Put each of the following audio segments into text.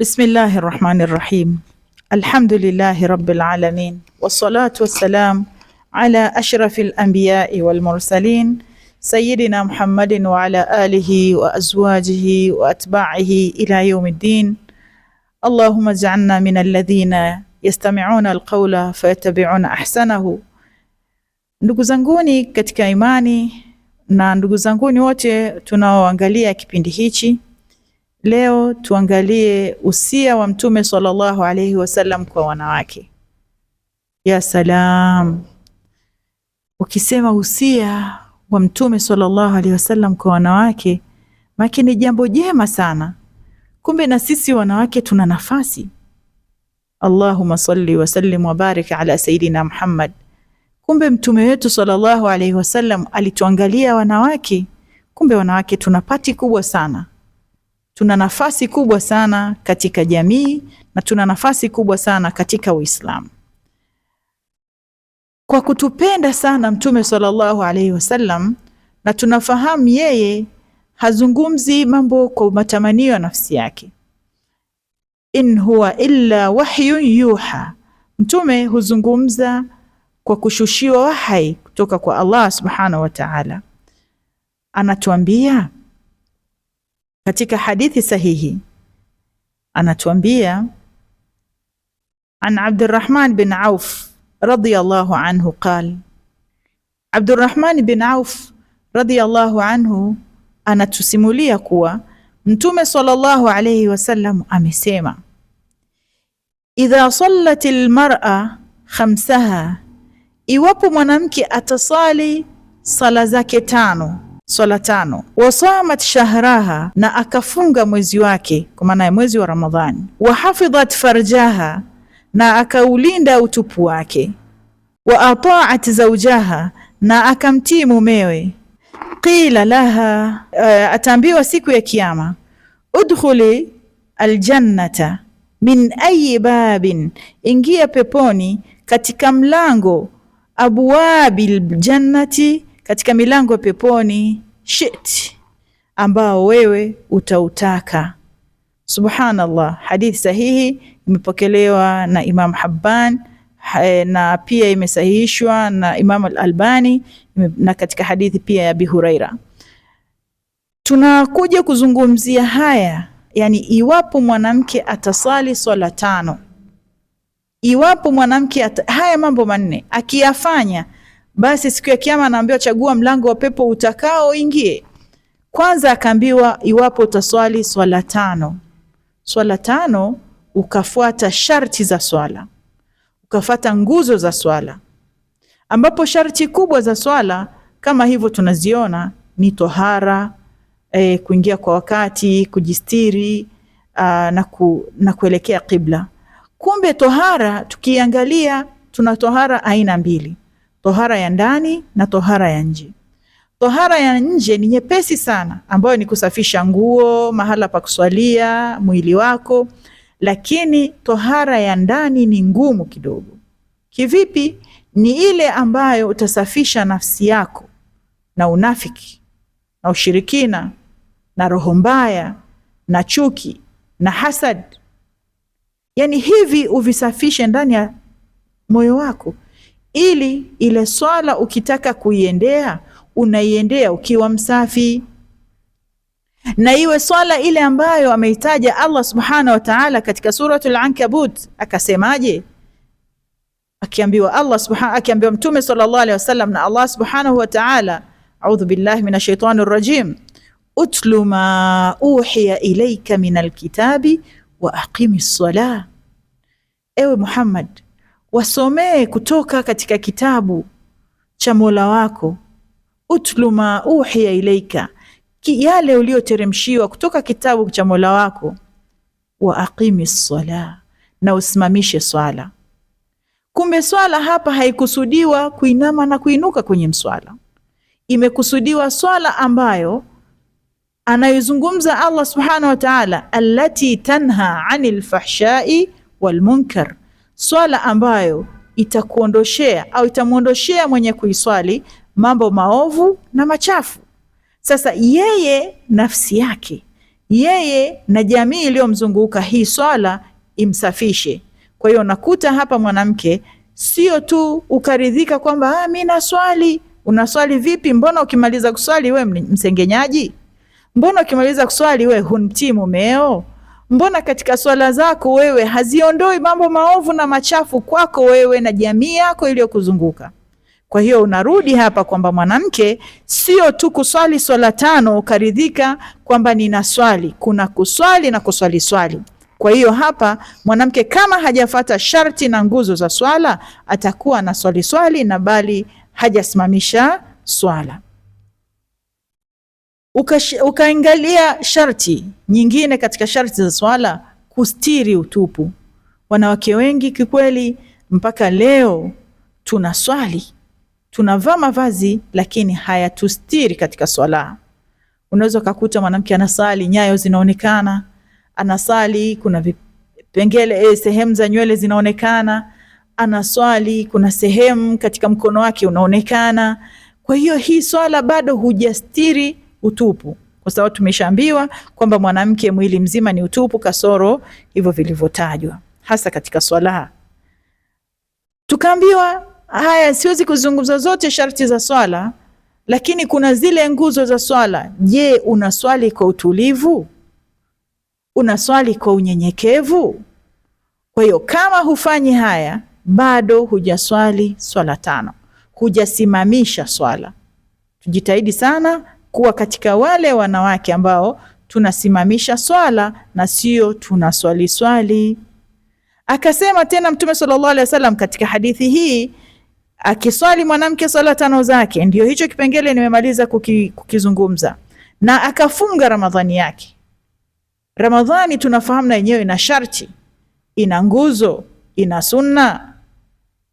بسم الله الرحمن الرحيم الحمد لله رب العالمين والصلاة والسلام على أشرف الأنبياء والمرسلين سيدنا محمد وعلى آله وأزواجه وأتباعه إلى يوم الدين اللهم اجعلنا من الذين يستمعون القول فيتبعون أحسنه ndugu zanguni katika imani na ndugu zanguni wote tunaoangalia kipindi hichi Leo tuangalie usia wa Mtume sallallahu alaihi wasallam kwa wanawake. Ya salam, ukisema usia wa Mtume sallallahu alayhi wasallam kwa wanawake, maki ni jambo jema sana. Kumbe na sisi wanawake tuna nafasi. Allahumma salli wasallim barik ala sayidina Muhammad. Kumbe mtume wetu sallallahu alaihi wasallam alituangalia wanawake. Kumbe wanawake tuna pati kubwa sana tuna nafasi kubwa sana katika jamii na tuna nafasi kubwa sana katika Uislamu. Kwa kutupenda sana Mtume sallallahu alaihi wasallam, na tunafahamu yeye hazungumzi mambo kwa matamanio ya nafsi yake, in huwa illa wahyun yuha, Mtume huzungumza kwa kushushiwa wahai kutoka kwa Allah subhanahu wa ta'ala, anatuambia katika hadithi sahihi anatuambia an Abdurrahman bin Auf radhiyallahu anhu qal, Abdurrahman bin Auf radhiyallahu anhu anatusimulia kuwa Mtume sallallahu alayhi wasallam amesema, idha sallat almar'a khamsaha, iwapo mwanamke atasali sala zake tano Swala tano, wasamat shahraha, na akafunga mwezi wake, kwa maana ya mwezi wa Ramadhani. Wahafidhat farjaha, na akaulinda utupu wake. Wa ataat zaujaha, na akamtii mumewe. Qila laha, uh, ataambiwa siku ya Kiyama, udkhuli aljannata min ayi babin, ingia peponi katika mlango, abwabil jannati katika milango ya peponi shit ambao wewe utautaka. Subhanallah, hadithi sahihi imepokelewa na Imam Habban eh, na pia imesahihishwa na Imam Al-Albani na katika hadithi pia ya Abi Huraira. Tunakuja kuzungumzia haya, yani iwapo mwanamke atasali swala tano, iwapo mwanamke haya mambo manne akiyafanya basi siku ya Kiyama anaambiwa chagua mlango wa pepo utakao ingie. Kwanza akaambiwa iwapo utaswali swala tano, swala tano ukafuata sharti za swala, ukafuata nguzo za swala, ambapo sharti kubwa za swala kama hivyo tunaziona ni tohara, e, kuingia kwa wakati, kujistiri aa, ah, na, ku, na kuelekea kibla. Kumbe tohara tukiangalia, tuna tohara aina mbili tohara ya ndani na tohara ya nje. Tohara ya nje ni nyepesi sana, ambayo ni kusafisha nguo, mahala pa kuswalia, mwili wako, lakini tohara ya ndani ni ngumu kidogo. Kivipi? Ni ile ambayo utasafisha nafsi yako na unafiki na ushirikina na roho mbaya na chuki na hasad, yaani hivi uvisafishe ndani ya moyo wako ili ile swala ukitaka kuiendea unaiendea ukiwa msafi, na iwe swala ile ambayo ameitaja Allah subhanahu wa ta'ala katika suratul Ankabut. Akasemaje? akiambiwa Allah subhanahu, akiambiwa Mtume sallallahu alaihi wasallam na Allah subhanahu wa ta'ala, a'udhu billahi minash shaitani rajim utlu ma uhiya ilayka minal kitabi wa aqimi ssalah, ewe Muhammad wasomee kutoka katika kitabu cha Mola wako, utlu ma uhiya ilaika, yale uliyoteremshiwa kutoka kitabu cha Mola wako, wa aqimi sala, na usimamishe swala. Kumbe swala hapa haikusudiwa kuinama na kuinuka kwenye mswala, imekusudiwa swala ambayo anayozungumza Allah subhanahu wa ta'ala, allati tanha anil fahshai wal munkar swala ambayo itakuondoshea au itamwondoshea mwenye kuiswali mambo maovu na machafu. Sasa yeye nafsi yake, yeye na jamii iliyomzunguka hii swala imsafishe. Kwa hiyo unakuta hapa mwanamke sio tu ukaridhika kwamba ah, mimi naswali. Unaswali vipi? Mbona ukimaliza kuswali we msengenyaji? Mbona ukimaliza kuswali we humtii mumeo? Mbona katika swala zako wewe haziondoi mambo maovu na machafu kwako wewe na jamii yako iliyokuzunguka? Kwa hiyo unarudi hapa kwamba mwanamke sio tu kuswali swala tano ukaridhika kwamba nina swali, kuna kuswali na kuswali swali. Kwa hiyo hapa mwanamke kama hajafata sharti na nguzo za swala atakuwa na swali swali na bali hajasimamisha swala. Ukaangalia sharti nyingine katika sharti za swala, kustiri utupu. Wanawake wengi kikweli, mpaka leo tuna swali, tunavaa mavazi lakini hayatustiri katika swala. Unaweza ukakuta mwanamke anasali, nyayo zinaonekana, anasali, kuna vipengele eh, sehemu za nywele zinaonekana, anaswali, kuna sehemu katika mkono wake unaonekana. Kwa hiyo hii swala bado hujastiri utupu, kwa sababu tumeshaambiwa kwamba mwanamke mwili mzima ni utupu, kasoro hivyo vilivyotajwa, hasa katika swala. Tukaambiwa haya, siwezi kuzungumza zote sharti za swala, lakini kuna zile nguzo za swala. Je, unaswali kwa utulivu? Unaswali kwa unyenyekevu? Kwa hiyo kama hufanyi haya, bado hujaswali swala tano, hujasimamisha swala. Tujitahidi sana kuwa katika wale wanawake ambao tunasimamisha swala na sio tunaswali swali. Akasema tena Mtume sallallahu alaihi wasallam katika hadithi hii, akiswali mwanamke swala tano zake, ndio hicho kipengele nimemaliza kuki, kukizungumza, na akafunga Ramadhani yake. Ramadhani tunafahamu na yenyewe ina sharti, ina nguzo, ina sunna.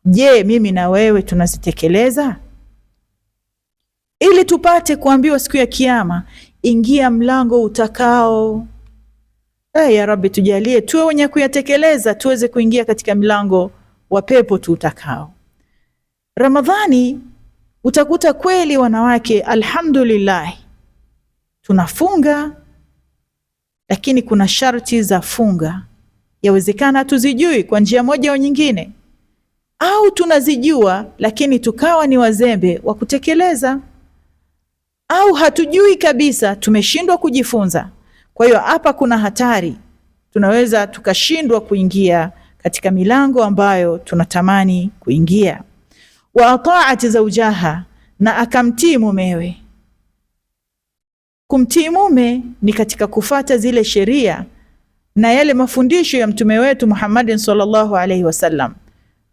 Je, mimi na wewe tunazitekeleza? ili tupate kuambiwa siku ya Kiama, ingia mlango utakao. Hey, eh, ya Rabbi tujalie tuwe wenye kuyatekeleza, tuweze kuingia katika mlango wa pepo tu utakao. Ramadhani utakuta kweli wanawake, alhamdulillah, tunafunga lakini kuna sharti za funga, yawezekana tuzijui kwa njia moja au nyingine, au tunazijua lakini tukawa ni wazembe wa kutekeleza au hatujui kabisa, tumeshindwa kujifunza. Kwa hiyo hapa kuna hatari, tunaweza tukashindwa kuingia katika milango ambayo tunatamani kuingia. wa ataati zaujaha, na akamtii mumewe. Kumtii mume ni katika kufata zile sheria na yale mafundisho ya mtume wetu Muhammadin sallallahu alaihi wasallam,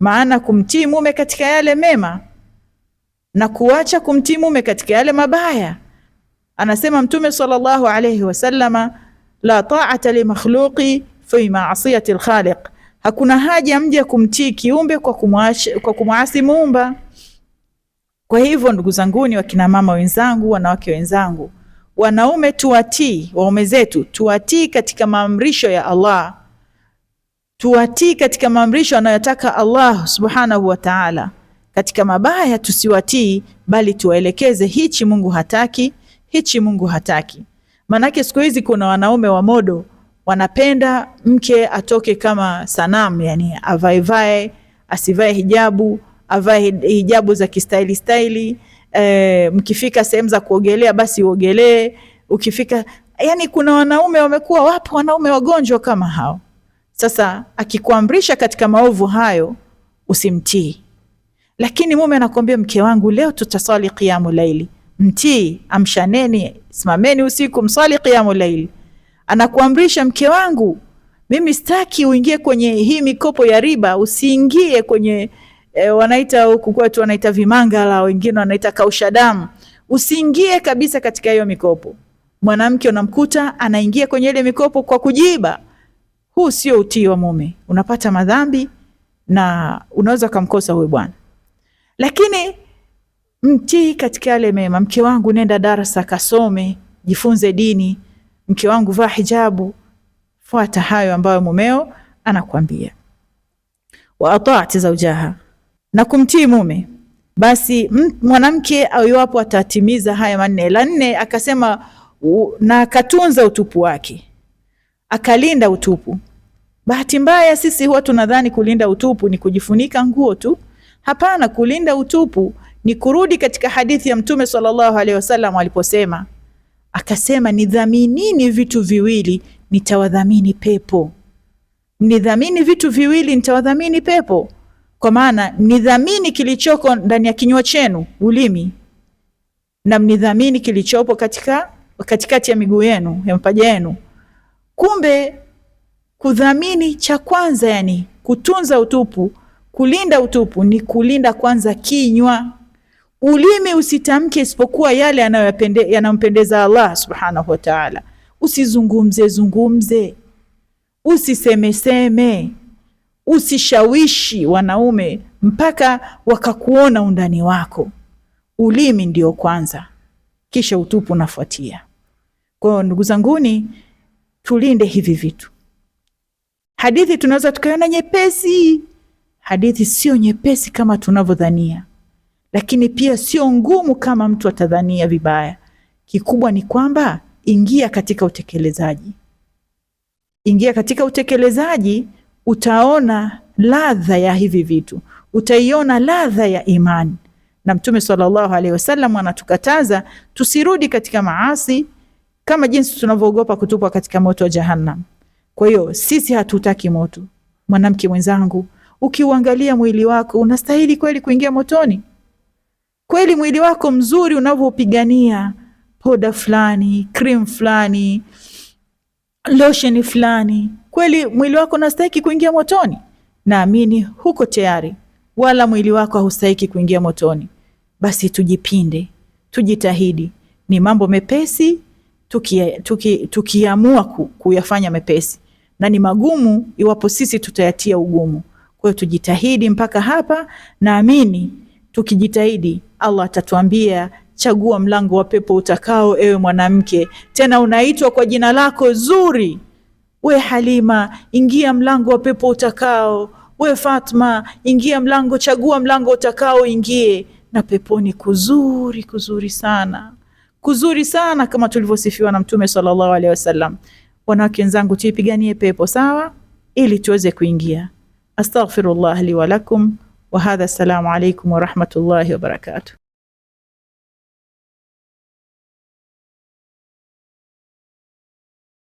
maana kumtii mume katika yale mema na kuacha kumtii mume katika yale mabaya. Anasema Mtume sallallahu alayhi wasallama, la ta'ata li makhluqi fi ma'siyati al hakuna haja mja kumtii kiumbe kwa kumwasi kwa kumwasi Muumba. Kwa hivyo ndugu zanguni, wakina mama wenzangu, wanawake wenzangu, wanaume tuwatii waume zetu, tuwatii katika maamrisho ya Allah, tuwatii katika maamrisho anayotaka Allah subhanahu wa ta'ala katika mabaya tusiwatii, bali tuwaelekeze hichi Mungu hataki, hichi Mungu hataki. Maanake siku hizi kuna wanaume wa modo wanapenda mke atoke kama sanamu, yani avaevae, asivae hijabu, avae hijabu za kistaili staili. E, mkifika sehemu za kuogelea basi uogelee, ukifika yani, kuna wanaume wamekuwa, wapo wanaume wagonjwa kama hao. Sasa akikuamrisha katika maovu hayo usimtii. Lakini mume anakuambia mke wangu, leo tutaswali qiyamu laili, mtii, amshaneni, simameni usiku mswali qiyamu laili. Anakuamrisha mke wangu, mimi sitaki uingie kwenye hii mikopo ya riba, usiingie kwenye e, wanaita huku kwetu wanaita vimangala, wengine wanaita kausha damu, usiingie kabisa katika hiyo mikopo. Mwanamke unamkuta anaingia kwenye ile mikopo kwa kujiba. Huu sio utii wa mume, unapata madhambi na unaweza ukamkosa huyo bwana lakini mtii katika yale mema. Mke wangu, nenda darasa kasome, jifunze dini. Mke wangu, vaa hijabu, fuata hayo ambayo mumeo anakuambia. Wa ataati zaujaha, na kumtii mume, basi mwanamke aiwapo atatimiza haya manne. La nne akasema na akatunza utupu wake, akalinda utupu. Bahati mbaya sisi huwa tunadhani kulinda utupu ni kujifunika nguo tu Hapana, kulinda utupu ni kurudi katika hadithi ya Mtume sallallahu alaihi wasallam aliposema, akasema nidhaminini vitu viwili nitawadhamini pepo. Nidhamini vitu viwili nitawadhamini pepo, kwa maana nidhamini kilichoko ndani ya kinywa chenu, ulimi, na mnidhamini kilichopo katika katikati ya miguu yenu, ya mapaja yenu. Kumbe kudhamini cha kwanza, yani kutunza utupu Kulinda utupu ni kulinda kwanza kinywa. Ulimi usitamke isipokuwa yale yanayompendeza Allah subhanahu wa taala. Usizungumze zungumze, usisemeseme, usishawishi wanaume mpaka wakakuona undani wako. Ulimi ndio kwanza, kisha utupu unafuatia. Kwa hiyo ndugu zanguni, tulinde hivi vitu. Hadithi tunaweza tukaiona nyepesi Hadithi sio nyepesi kama tunavyodhania, lakini pia sio ngumu kama mtu atadhania vibaya. Kikubwa ni kwamba ingia katika utekelezaji. Ingia katika utekelezaji, utaona ladha ya hivi vitu, utaiona ladha ya imani. Na Mtume sallallahu alaihi wasallam anatukataza tusirudi katika maasi kama jinsi tunavyoogopa kutupwa katika moto wa Jahannam. Kwa hiyo sisi hatutaki moto. Mwanamke mwenzangu ukiuangalia mwili wako, unastahili kweli kuingia motoni? Kweli mwili wako mzuri unavyopigania poda fulani, cream fulani, lotion fulani, kweli mwili wako unastahili kuingia motoni? Naamini huko tayari, wala mwili wako haustahiki kuingia motoni. Basi tujipinde, tujitahidi. Ni mambo mepesi tukiamua tuki, tuki kuyafanya mepesi, na ni magumu iwapo sisi tutayatia ugumu. Kwa hiyo tujitahidi mpaka hapa, naamini tukijitahidi Allah atatuambia chagua mlango wa pepo utakao, ewe mwanamke, tena unaitwa kwa jina lako zuri. We Halima, ingia mlango wa pepo utakao. We Fatma, ingia mlango, chagua mlango utakao, ingie na peponi kuzuri kuzuri sana kuzuri sana, kama tulivyosifiwa na Mtume sallallahu alaihi wasallam. Wanawake wenzangu, tuipiganie pepo sawa, ili tuweze kuingia. أستغفر الله لي ولكم وهذا السلام عليكم ورحمة الله وبركاته